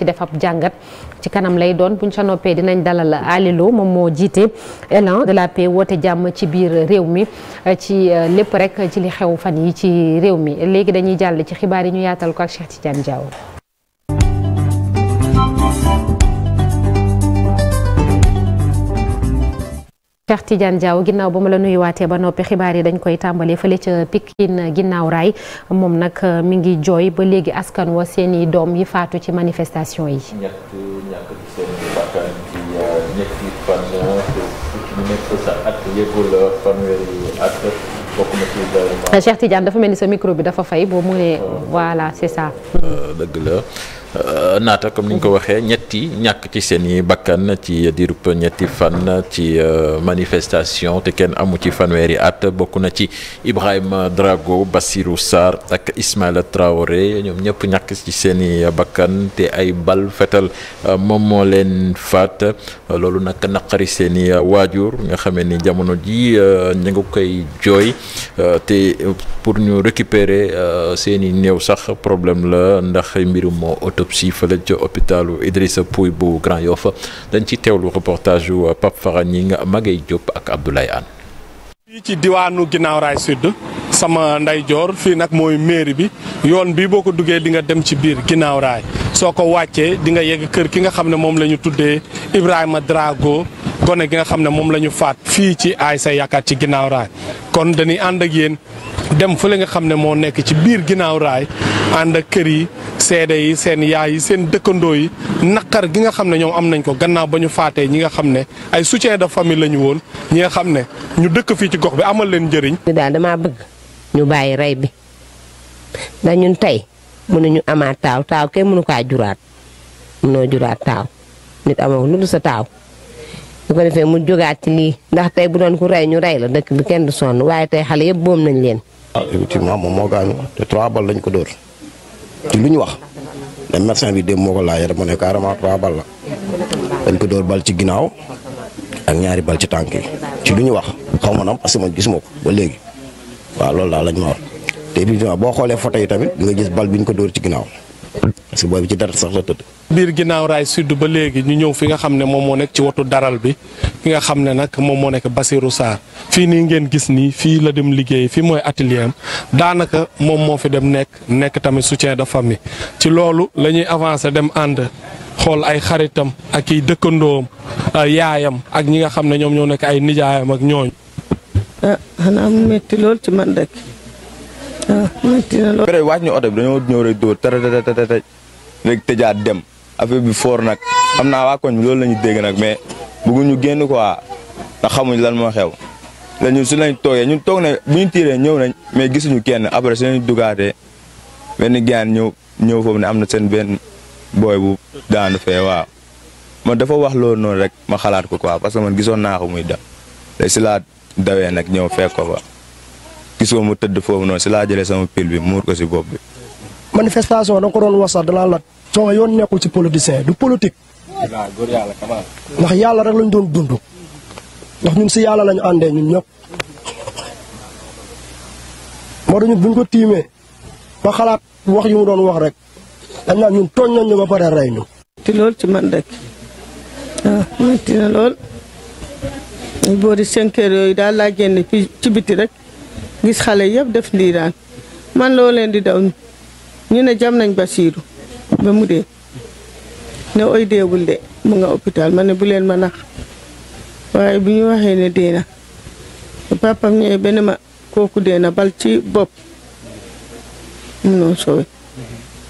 ci def ab jàngat ci kanam lay doon buñ sa noppee dinañ dalal Aly moom moo jiite élan de la paix woote jàmm ci biir réew mi ci euh, lépp rek ci li xew fan yi ci réew mi léegi dañuy jàll ci xibaar yi ñu yaatal ko ak Cheikh Tidiane Diaw Cheikh Tidiane Diaw ginnaaw ba ma la nuyuwaatee ba noppi xibaar yi dañ koy tàmbalee fële ca Pikine ginnaaw raay moom nag euh, mi ngi jooy ba léegi askan wa seen i doom yi faatu ci manifestation yi. Cheikh Tidiane dafa mel ni sa micro bi dafa fay boo mënee ah. voilà c'est ça. Euh, dëgg la. Euh, naata comme ni ñu ko waxee ñetti ñàkk ci seen yi bakkan ci diirub ñetti fan ci euh, manifestation te kenn amu ci fanweeri at bokk na ci Ibrahima Drago Bassirou Sarr ak Ismaïla Traoré ñoom ñëpp ñàkk ci seeni i te ay bal fetal moom moo leen faat loolu nag naqari seeni i waajur nga xame ni jamono ji ñu ngi koy jooy. Euh, te pour ñu récupérer euh, seen i néew sax problème la ndax mbirum autopsie fële ca hôpitalu Idrissa Pouye bu Grand Yoff dañ ci teewlu reportage yu euh, Pape Farañing Magay Diop ak Abdoulaye Anne. fii ci diwaanu Guinaw Rail Sud sama ndeyjoor fii nag mooy mairie bi yoon bi boo ko duggee di nga dem ci biir Guinaw Rail soo ko wàccee di nga yegg kër ki nga xam ne moom la ñu tuddee Ibrahima Drago gone gi nga xam ne moom la ñu faat fii ci ay sa yaakaar ci ginnaaw raay kon dañuy ànd ak yéen dem fële nga xam ne moo nekk ci biir ginnaaw raay ànd ak kër yi seede yi seen yaay yi seen dëkkandoo yi naqar gi nga xam ne ñoom am nañ ko gannaaw ba ñu faatee ñi nga xam ne ay soutien de famille la ñu woon ñi nga xam ne ñu dëkk fii ci gox bi amal leen njëriñ. daal damaa bëgg ñu bàyyi rey bi ndax tey mu ne ñu amaat taaw taaw kenn mënu kaa juraat mënoo juraat taaw nit amoo lu dul sa taaw. bu ko defee mu jógaat ci lii ndax tey bu doon ku rey ñu rey la dëkk bi kenn du sonn waaye tey xale yëpp boom nañ leen. waaw ah, effectivement moom moo gaañu te trois lañ ko dóor ci lu ñu wax le bi dem moo ko laajee dama ne carrément trois balles la dañ ko door bal ci ginnaaw ak ñaari bal ci tànk ci lu ñu wax xaw ma nam parce que man gisuma ko ba léegi waaw loolu daal lañ ma te évidemment boo xoolee foto yi tamit di nga gis bal bi ñu ko dóor ci ginnaaw parce bi ci dara sax la tëdd. biir ginnaaw raay sud ba léegi ñu ñëw fi nga xam ne moom moo nekk ci watu daral bi ki nga xam ne nag moom moo nekk Basirou Sarr fii nii ngeen gis nii fii la dem liggéey fi mooy atelier am daanaka moom moo fi dem nekk nekk tamit soutien de famille ci loolu la ñuy avancer dem ànd. xool ay xaritam ak i dëkkandoom yaayam ak ñi nga xam ne ñoom ñoo nekk ay nijaayam ak ñooñ ah, lool métti na lool. wàcc ñu oto bi dañoo ñëw rek dóor tërëtërëtërë léegi tëjaat dem affaire bi foor nag xam naa waa koñ bi loolu la ñu dégg nag mais bëgguñu génn quoi ndax xamuñ lan moo xew. la ñun su lañ toogee ñun toog nañ bu ñu tiiree ñëw nañ mais gisuñu kenn après su lañ dugaatee benn gaan ñëw ñëw foofu ne am na seen benn booy bu daanu fee waaw. man dafa wax loolu noonu rek ma xalaat ko quoi parce que man gisoon naa ko muy dem léegi si laa dawee nag ñëw fekk ko fa. gisoo mu tëdd foofu noonu si laa jële sama pile bi muur ko si bopp bi. manifestation da ko doon wax sax dalaa lat sama yoon nekkul ci politicien du politique. ndax yàlla rek lañ doon dund. ndax ñun si yàlla lañu àndee ñun ñëpp. moo tax ñun buñ ko tiimee ba xalaat wax yu mu doon wax rek dañ naan ñun tooñ nañ ñu ba pare rey ñu. ti lool ci man rek waaw ah, boori 5 yooyu daal laa génn ci biti rek. gis xale yëpp def ndiiraan man loo leen di daw ñu ne jam nañ Basiiru ba mu dee ne oy deewul de mu nga hôpital ma ne bu leen ma nax waaye bu ñu waxee ne dee na papam ñëwee benn ma kooku dee na bal ci bopp mu noonu soowee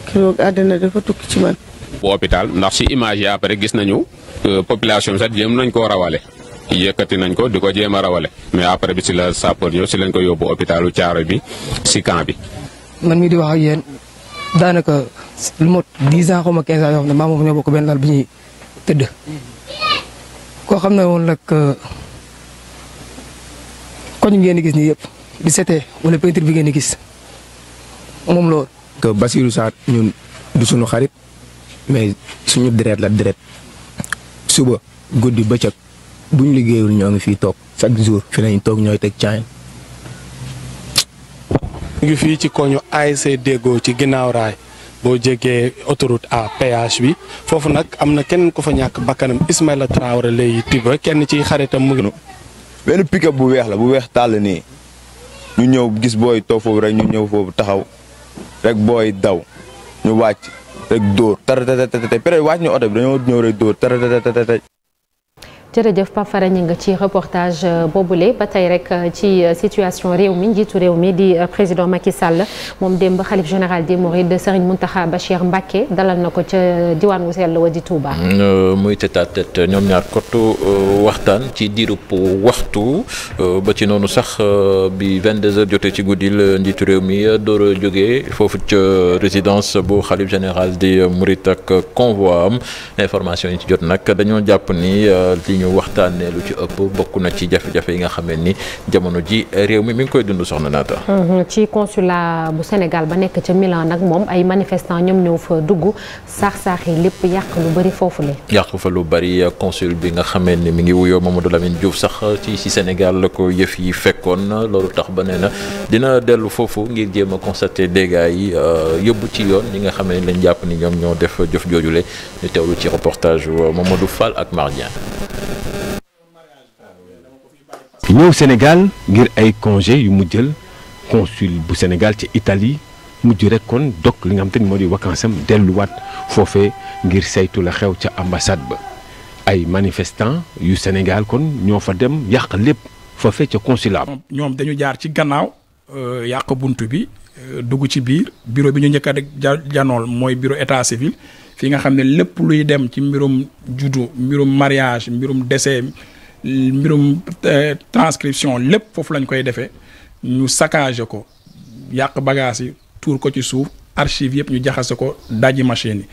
keroog àddina dafa tukki ci man bu hôpital ndax si image yi après gis nañu euh, population bi sax jéem nañ koo rawale yëkkati nañ ko di ko jéem a rawale mais après bi si la sapeur ñëw si lañ ko yóbbu hôpitalu Thiaroye bi si camp bi. man mii di wax a yéen daanaka lu mot 10 ans xaw ma 15 ans yoo xam ne maa moom ñoo bokk benn lal xam ne woon nag euh, koñ ngeen di gis nii yëpp bi setee wala peinture bi ngeen gis moom loolu. que Basirou ñun du suñu xarit mais suñu deret la deret suba guddi bëccëg. buñ liggéeyul ñoo ngi fii toog chaque jour fi lañ toog ñooy teg caañ. mu ngi fi ci koñu ASC Déggoo ci ginnaaw raay boo jegee autoroute à péage bi foofu nag am na kenn ku fa ñàkk bakkanam Ismaïla Traoré lay tiba kenn ci xaritam mu ngi. benn pick-up bu weex la bu weex tàll nii ñu ñëw gis booy toog foofu rek ñu ñëw foofu taxaw rek booy daw ñu wàcc rek dóor. te tara tara tey période wàcc ñu oto bi dañoo ñëw rek dóor tara jërëjëf Pape Fara ñi nga ci reportage euh, boobule ba tey rek euh, ci euh, situation réew mi njiitu réew mi di président Macky Sall moom démb xalif général des Mourides Serigne Mountakha Bachir Mbacké dalal na ko ca diwaan wu sell wa di Touba. Mm, muy tête à ñoom ñaar kottu waxtaan ci diirub waxtu ba ci noonu sax bi 22h jotee ci guddi la njiitu mi door a jógee foofu ca résidence bu xalif général di Mourides ak convoi am information yi ci jot nag dañoo jàpp ni ñu waxtaanee lu ci ëpp bokk na ci jafe-jafe yi nga xamee ni jamono ji réew mi mi ngi koy dund soxna naata mhm, ci consulat bu Sénégal ba nekk ca Milan nag moom ay manifestant ñoom ñëw fa dugg saax-saax yi lépp yàq lu bëri foofu la yàq fa lu bari consul bi nga xamee ni mi ngi wuyoo Mamadou Lamine Diouf sax ci ci Sénégal la ko yëf yi fekkoon loolu tax ba nee na dina dellu foofu ngir jéem a constater dégâts yi euh, yóbbu ci yoon ñi nga xamee ni lañ jàpp ni ñoom ñoo def jëf joojule ñu teewlu ci reportage Mamadou Fall ak Mardien ñëw Sénégal ngir ay congé yu mu jël consul bu Sénégal ci Italie mujj rek kon dog li nga xam te ni moo di vacance am delluwaat foofe ngir saytu la xew ca ambassade ba ay manifestant yu Sénégal kon ñoo fa dem yàq lépp foofee ca consulat ñoom dañu jaar ci gannaaw euh, yàq bunt bi euh, dugg ci biir bureau bi ñu njëkk a janool mooy bureau état civil fi nga xam ne lépp luy dem ci mbirum juddu mbirum mariage mbirum décès mbirum euh, transcription lépp foofu lañ koy defee ñu saccagé ko yàq bagages yi tuur ko ci suuf archive yëpp ñu jaxase ko daji machine yi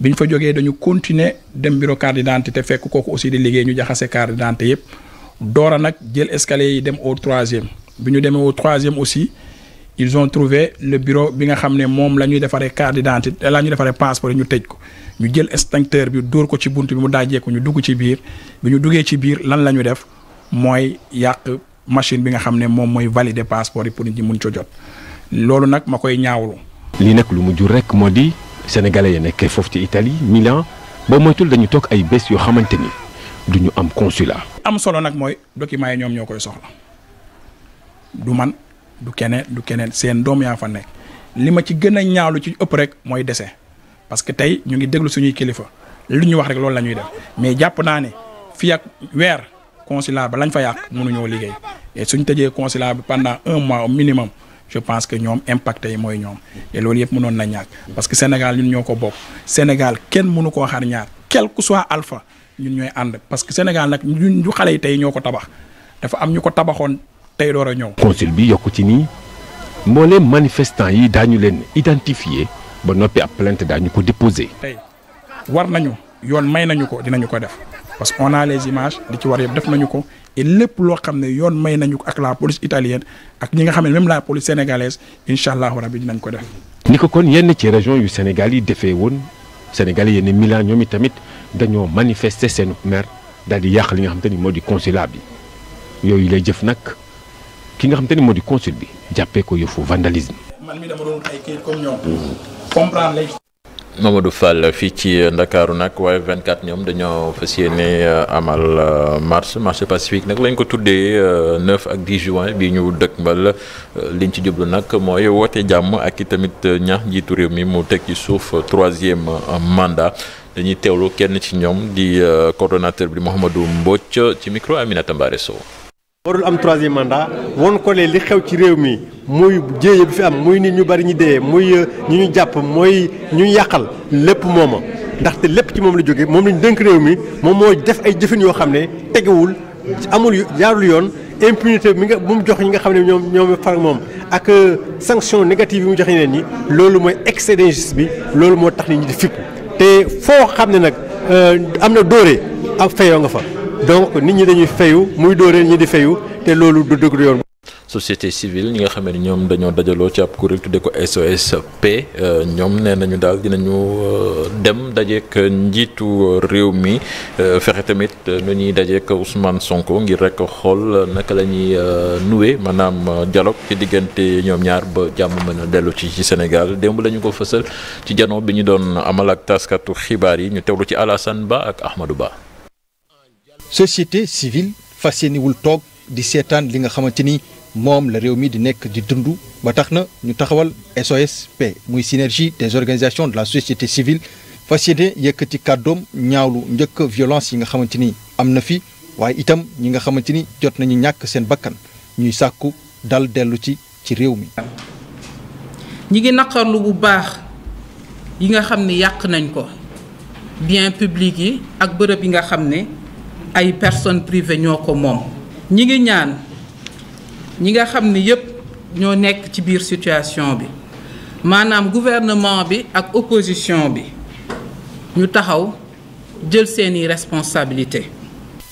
biñ fa jógee dañu continuer dem bureau carte d'identité fekk kooku aussi di liggéey ñu jaxase carte d'identité yëpp doora nag jël escalier yi dem au troisième bi ñu demee au troisième aussi. ils ont trouvé le bureau bi nga xam ne moom la ñuy defaree carte d'identité la ñuy defaree passeport ñu tëj ko ñu jël extincteur bi dóor ko ci bunt bi mu daajeeku ñu dugg ci biir bi ñu duggee ci biir lan la ñu def mooy yàq machine bi nga xam ne moom mooy valider passeport yi pour nit ñi mun co jot loolu nag ma koy ñaawlu. lii nekk lu mu jur rek moo di sénégalais yi nekkee foofu ci Italie Milan boo moytul dañu toog ay bés yoo xamante ni du ñu am consulat. am solo nag mooy documents yi ñoom ñoo koy soxla du keneen du keneen seen doom yaa fa nekk li ma ci gën a ñaawlu ci ëpp rek mooy dese parce que tey ñu ngi déglu suñuy kilifa lu ñu wax rek loolu la ñuy def mais jàpp naa ne fi ak weer consulat ba lañ fa yàq mënuñoo liggéey et suñ tëjee consulat bi pendant un mois au minimum je pense que ñoom impacté yi mooy ñoom loolu yëpp mënoon na ñàkk parce que Sénégal ñun ñoo ko bokk Sénégal kenn mënu koo xar ñaar quel que soit alpha ñun ñooy ànd parce que Sénégal nag ñun yi tey ñoo ko tabax tey door a ñëw. bi yokku ci nii mbooleem manifestant yi daañu leen identifier ba noppi ab daa ñu ko déposer. tey war nañu yoon may nañu ko dinañu ko def parce que on a les images li ci war yëpp def nañu ko et lépp loo xam ne yoon may nañu ko ak la police italienne ak ñi nga xam ne même la police sénégalaise incha allahu rabi dinañ ko def. ni ko kon yenn ci région yu Sénégal yi defee woon Sénégal yenn Milan ñoom i tamit dañoo manifester seenu mer daal di yàq li nga xam ni moo di consulat bi yooyu lay jëf nag. ki nga xam te ni moo di consul bi jàppee ko yëfu vandalisme. man mi fii ci Ndakaaru nag waaye 24 ñoom dañoo fas yéene euh, amal euh, marche marche pacifique nag lañ ko tuddee 9 euh, ak 10 juin bi ñu dëkkmal liñ ci jublu nag mooy woote jàmm ak i tamit ñaax njiitu réew mi mu teg ci suuf troisième mandat dañuy teewlu kenn ci ñoom di coordonnateur bi Mouhamadou Mbodj ci micro Aminata Mbare Sow warul am troisième mandat woon ko ne li xew ci réew mi muy jéeye bi fi am muy nit ñu bari ñu dee muy euh, ñi ñu jàpp mooy ñu yàqal lépp mooma ndaxte lépp ci moom la jóge moom lañu dënk réew mi moom moo def ay jëfin yoo xam ne tegewul amul jaarul yoon impunité mi nga bu mu jox ñi nga xam ne ñoom ñoom far moom ak euh, sanction négative yi mu joxe ñeneen ñi loolu mooy excès bi loolu moo tax ni ñi di fipp te foo xam ne nag euh, am na dóore ak ah, feyoo nga fa donc nit ñi dañuy fayu muy dóoree ñi di fayu te loolu du dëgg yoon. société civile ñi nga xam ne ñoom dañoo dajaloo ci ab kuréel tuddee ko SOS Paix euh, ñoom nee nañu daal dinañu euh, dem dajeek njiitu réew mi euh, fexe tamit nu ñuy dajeek Ousmane Sonko ngir rek xool naka la ñuy noué maanaam dialogue ci diggante ñoom ñaar ba jàmm mën dellu ci ci Sénégal démb lañu ko fësal ci janoo bi ñu doon amal ak taskatu xibaar yi ñu teewlu ci Alassane Ba ak Ahmadou Ba. société civile fas yéenewul toog di seetaan li nga xamante ni moom la réew mi di nekk di dund ba tax na ñu taxawal p muy synergie des organisations de la société civile fas yéene yëkkati kàddoom ñaawlu njëkk violence yi nga xamante ni am na fi waaye itam ñi nga xamante ni jot nañu ñàkk seen bakkan ñuy sàkku dal dellu ci ci réew mi. ñi ngi naqarlu bu baax yi nga xam ni yàq nañ ko bien public yi ak bërëb yi nga xam ni ay personnes privées ñoo ko moom ñi ngi ñaan ñi nga xam ni yépp ñoo nekk ci biir situation bi maanaam gouvernement bi ak opposition bi ñu taxaw jël seeni responsabilité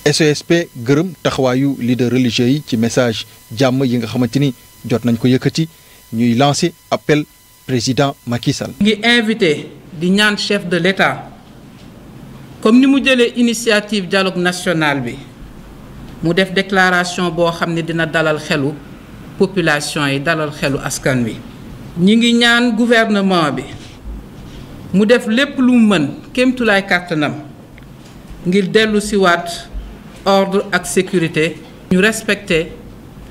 SOSP gërëm taxawaayu leader religieux yi ci message jàmm yi nga xamante ni jot nañ ko yëkkati ñuy lancer appel président Macky Sall. ngi invité di ñaan chef de l'État comme ni mu jëlee initiative dialogue national bi mu def déclaration boo xam ne dina dalal xelu population yi dalal xelu askan wi. ñu ngi ñaan gouvernement bi mu def lépp lu mu mën kéemtulaay kàttanam ngir dellu si waat ordre ak sécurité ñu respecté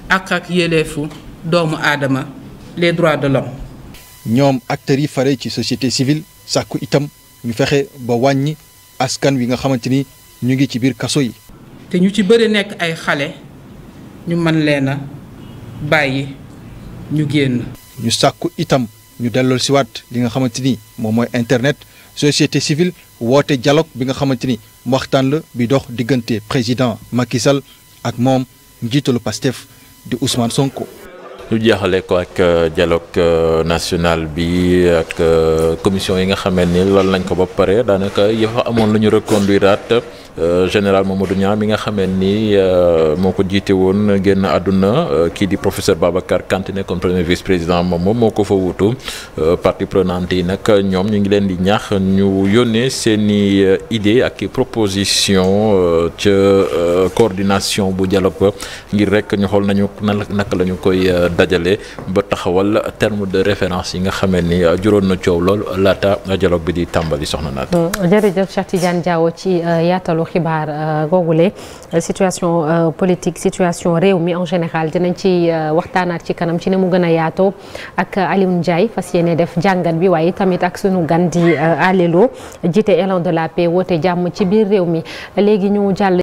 ak ak yéleefu doomu aadama les droits de l'homme ñoom acteurs yi fare ci société civile sàkku itam ñu fexe ba wàññi askan wi nga xamante ni ñu ngi ci biir kaso yi. te ñu ci bëri nekk ay xale ñu man leen a bàyyi ñu génn. ñu sàkku itam ñu delloo siwaat li nga xamante ni moom mooy internet société civile woote dialogue bi nga xamante ni waxtaan la bi dox diggante président Macky ak moom njiitalu Pastef di Ousmane Sonko. lu jeexale ko ak euh, dialogue euh, national bi ak euh, commission yi nga xamee ni loolu nañ ko ba pare daanaka yëfa amoon lu ñu reconduiraat général Mamadou Niang mi nga xamee ni moo ko jiite woon génn àdduna kii di professeur Babacar Kanté comme premier vice président moom moom moo ko fa wutu partie prenante yi nag ñoom ñu ngi leen di ñax ñu yónnee seeni idée ak proposition ca coordination bu dialogue ngir rek ñu xool nañu naka lañu ñu koy. dajale ba taxawal terme de référence yi nga xamee ni euh, juróon na coow lool laata dialogue bi di tàmbali soxna naat jërëjëf Cheikh Tidiane Diawo ci euh, euh, réew mi en général dinañ ci waxtaanaat ci kanam ci ne mu gën a yaatoo ak Alioune Ndiaye fas yéene def jàngat bi waaye tamit ak sunu gan di Alé Lo jiite élan de la paix woote jàmm ci biir réew mi léegi ñu jàll